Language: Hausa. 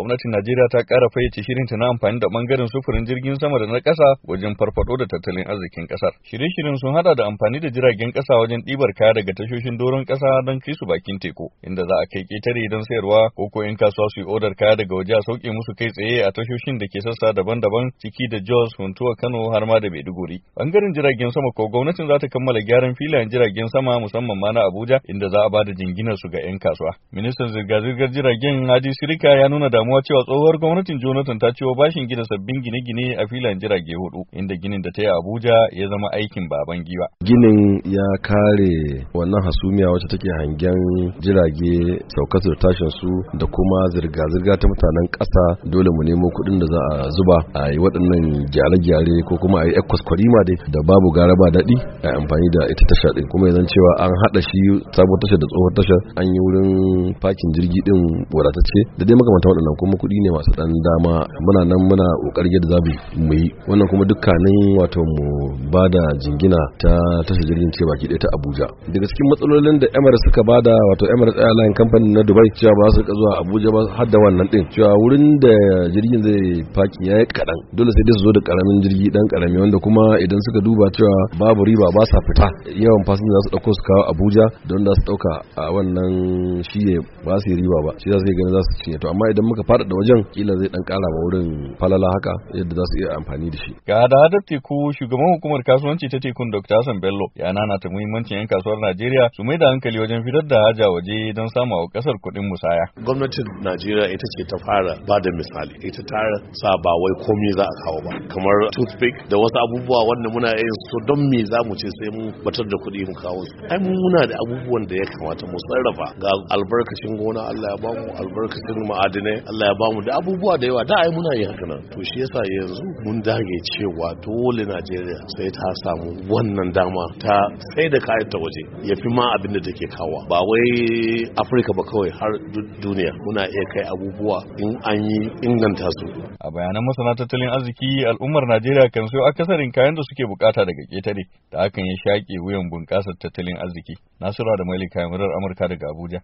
gwamnatin Najeriya ta ƙara fayyace shirinta na amfani da bangaren sufurin jirgin sama da na ƙasa wajen farfaɗo da tattalin arzikin ƙasar. Shirye-shiryen sun haɗa da amfani da jiragen ƙasa wajen ɗibar kaya daga tashoshin doron ƙasa don kai su bakin teku, inda za a kai ƙetare don sayarwa ko ko 'yan kasuwa su yi odar kaya daga waje a sauƙe musu kai tsaye a tashoshin da ke sassa daban-daban ciki da Jos, Huntuwa, Kano har ma da Maiduguri. Bangaren jiragen sama ko gwamnatin za ta kammala gyaran filayen jiragen sama musamman ma na Abuja inda za a ba da jinginar su ga 'yan kasuwa. Ministan zirga-zirgar jiragen Hadi Sirika ya nuna damuwa damuwa cewa tsohuwar gwamnatin Jonathan ta ciwo bashin gina sabbin gine-gine a filayen jirage hudu inda ginin da ta yi Abuja ya zama aikin baban giwa. Ginin ya kare wannan hasumiya wacce take hangen jirage saukar tashin su da kuma zirga-zirga ta mutanen ƙasa dole mu nemo kuɗin da za a zuba a yi waɗannan gyare-gyare ko kuma a yi kwaskwarima dai da babu gara ba daɗi a amfani da ita tasha ɗin kuma yanzu cewa an haɗa shi sabon tasha da tsohon tasha an yi wurin fakin jirgi ɗin wadatacce da dai makamantan waɗannan kuma kuɗi ne masu ɗan dama muna nan muna ƙoƙari yadda za mu yi wannan kuma dukkanin wato mu ba jingina ta tashar jirgin ce baki ta abuja daga cikin matsalolin da emirates suka ba da wato emirates airline company na dubai cewa ba su zuwa abuja ba har da wannan ɗin cewa wurin da jirgin zai faki ya yi kaɗan dole sai dai su zo da ƙaramin jirgi ɗan ƙarami wanda kuma idan suka duba cewa babu riba ba sa fita yawan fasinja za su ɗauko su kawo abuja don za su ɗauka a wannan shi ne ba su yi riba ba shi za su yi ganin za su cinye to amma idan fara da wajen kila zai ɗan kara ma wurin falala haka yadda za su iya amfani da shi. Ga hadadar teku shugaban hukumar kasuwanci ta tekun Dr. Hassan Bello ya ta muhimmancin 'yan kasuwar Najeriya su mai da hankali wajen fitar da haja waje don samu wa kasar kuɗin musaya. Gwamnatin Najeriya ita ce ta fara ba da misali ita ta sa ba wai komai za a kawo ba kamar toothpick da wasu abubuwa wanda muna yin su don me za mu ce sai mu batar da kuɗi mu kawo su. Ai muna da abubuwan da ya kamata mu sarrafa ga albarkacin gona Allah ya bamu albarkacin ma'adinai Allah ya bamu da abubuwa da yawa da ai muna yi haka nan to shi yasa yanzu mun dage cewa dole Najeriya sai ta samu wannan dama ta sai da kayan ta waje yafi ma abin da take kawo. ba wai Afirka ba kawai har duniya muna iya kai abubuwa in an yi inganta su a bayanan masana tattalin arziki al'ummar Najeriya kan sayo akasarin kayan da suke bukata daga ketare da hakan ya shaƙe wuyan bunƙasar tattalin arziki Nasura da Malika Murar Amurka daga Abuja